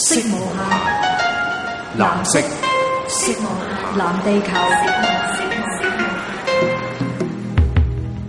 色無限，藍色，色無限，藍地球。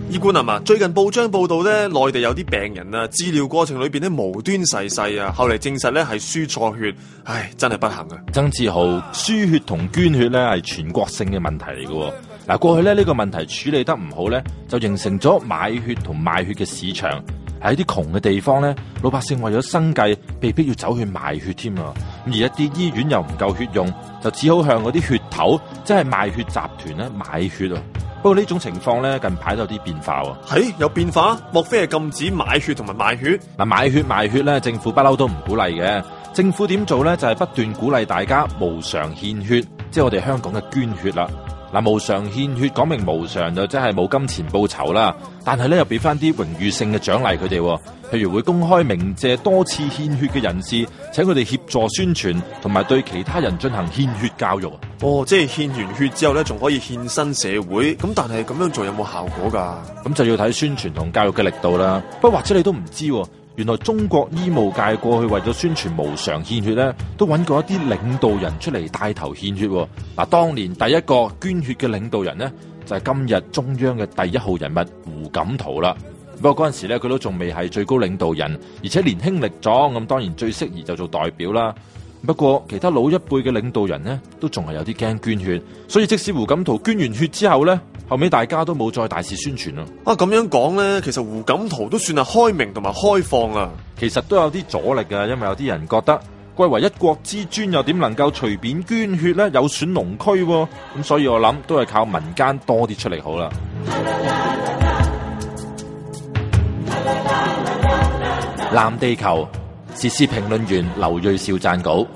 醫官啊，最近報章報道咧，內地有啲病人啊，治療過程裏邊咧，無端逝世啊，後嚟證實咧係輸錯血，唉，真係不幸嘅，啊。曾志豪，輸血同捐血咧係全國性嘅問題嚟嘅。嗱，過去咧呢，這個問題處理得唔好咧，就形成咗買血同賣血嘅市場。喺啲窮嘅地方咧，老百姓為咗生計，被逼要走去賣血添啊！而一啲醫院又唔夠血用，就只好向嗰啲血頭，即係賣血集團咧買血啊！不過呢種情況咧，近排都有啲變化喎。係有變化？莫非係禁止血血買血同埋賣血嗱？買血賣血咧，政府不嬲都唔鼓勵嘅。政府點做咧？就係、是、不斷鼓勵大家無償獻血，即係我哋香港嘅捐血啦。嗱，無償獻血講明無償就真係冇金錢報酬啦，但係咧又俾翻啲榮譽性嘅獎勵佢哋，譬如會公開鳴謝多次獻血嘅人士，請佢哋協助宣傳同埋對其他人進行獻血教育。哦，即係獻完血之後咧，仲可以獻身社會，咁但係咁樣做有冇效果噶？咁就要睇宣傳同教育嘅力度啦。不過，或者你都唔知、啊。原來中國醫務界過去為咗宣傳無償獻血咧，都揾過一啲領導人出嚟帶頭獻血。嗱，當年第一個捐血嘅領導人呢，就係今日中央嘅第一號人物胡錦濤啦。不過嗰陣時咧，佢都仲未係最高領導人，而且年輕力壯，咁當然最適宜就做代表啦。不過其他老一輩嘅領導人呢，都仲係有啲驚捐血，所以即使胡錦濤捐完血之後呢，後尾大家都冇再大肆宣傳啦。啊，咁樣講呢，其實胡錦濤都算係開明同埋開放啊。其實都有啲阻力嘅，因為有啲人覺得，貴為一國之尊，又點能夠隨便捐血呢？有損龍區，咁所以我諗都係靠民間多啲出嚟，好啦。 藍地球。時事評論員劉銳紹撰稿。